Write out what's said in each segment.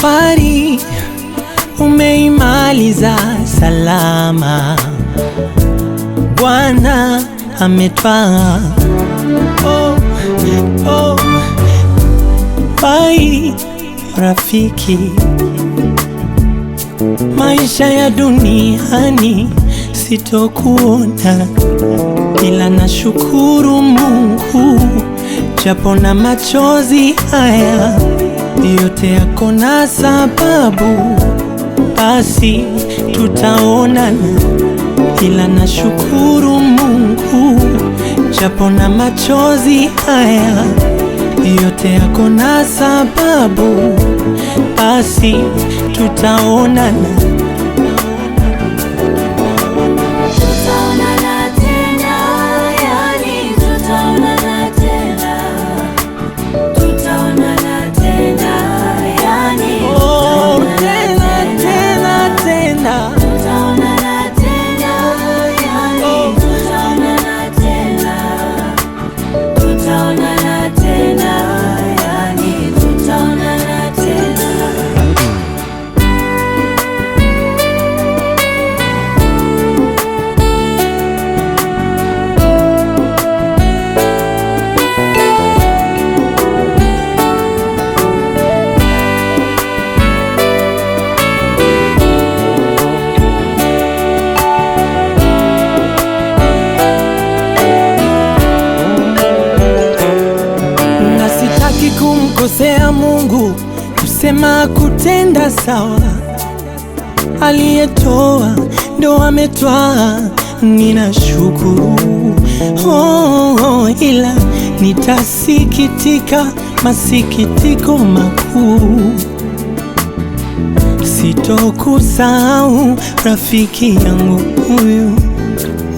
safari umeimaliza salama, Bwana ametwaa. Oh, oh, pai rafiki, maisha ya duniani sitokuona, ila nashukuru Mungu japo na machozi haya yote yako na sababu, basi tutaonana, ila na shukuru Mungu japo na machozi haya, yote yako na sababu, basi tutaonana Anasema kutenda sawa, aliyetoa ndo ametwaa. Ninashukuru oh, oh, ila nitasikitika masikitiko makuu, sitokusahau rafiki yangu huyu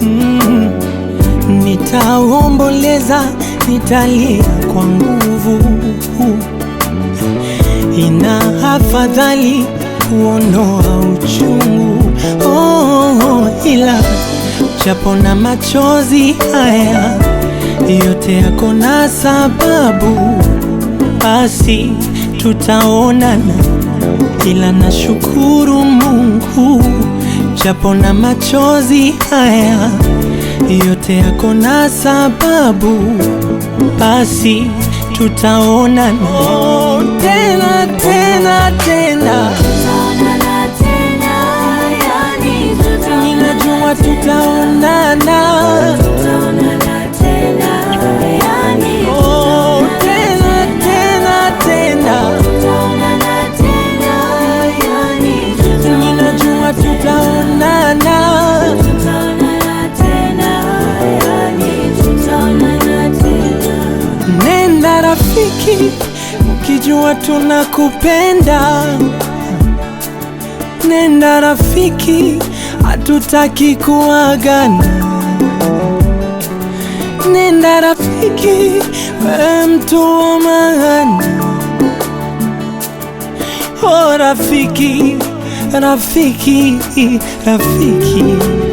mm. Nitaomboleza, nitalia kwa nguvu ina afadhali kuonoa uchungu oh, oh, ila chapo na machozi haya yote yako na sababu, basi tutaonana, ila nashukuru Mungu chapo na machozi haya yote yako na sababu, basi tutaonana oh, tena tena tena rafiki, ukijua tunakupenda. Nenda rafiki, hatutaki kuagana. Nenda rafiki, wewe mtu wa maana. Oh rafiki, rafiki, rafiki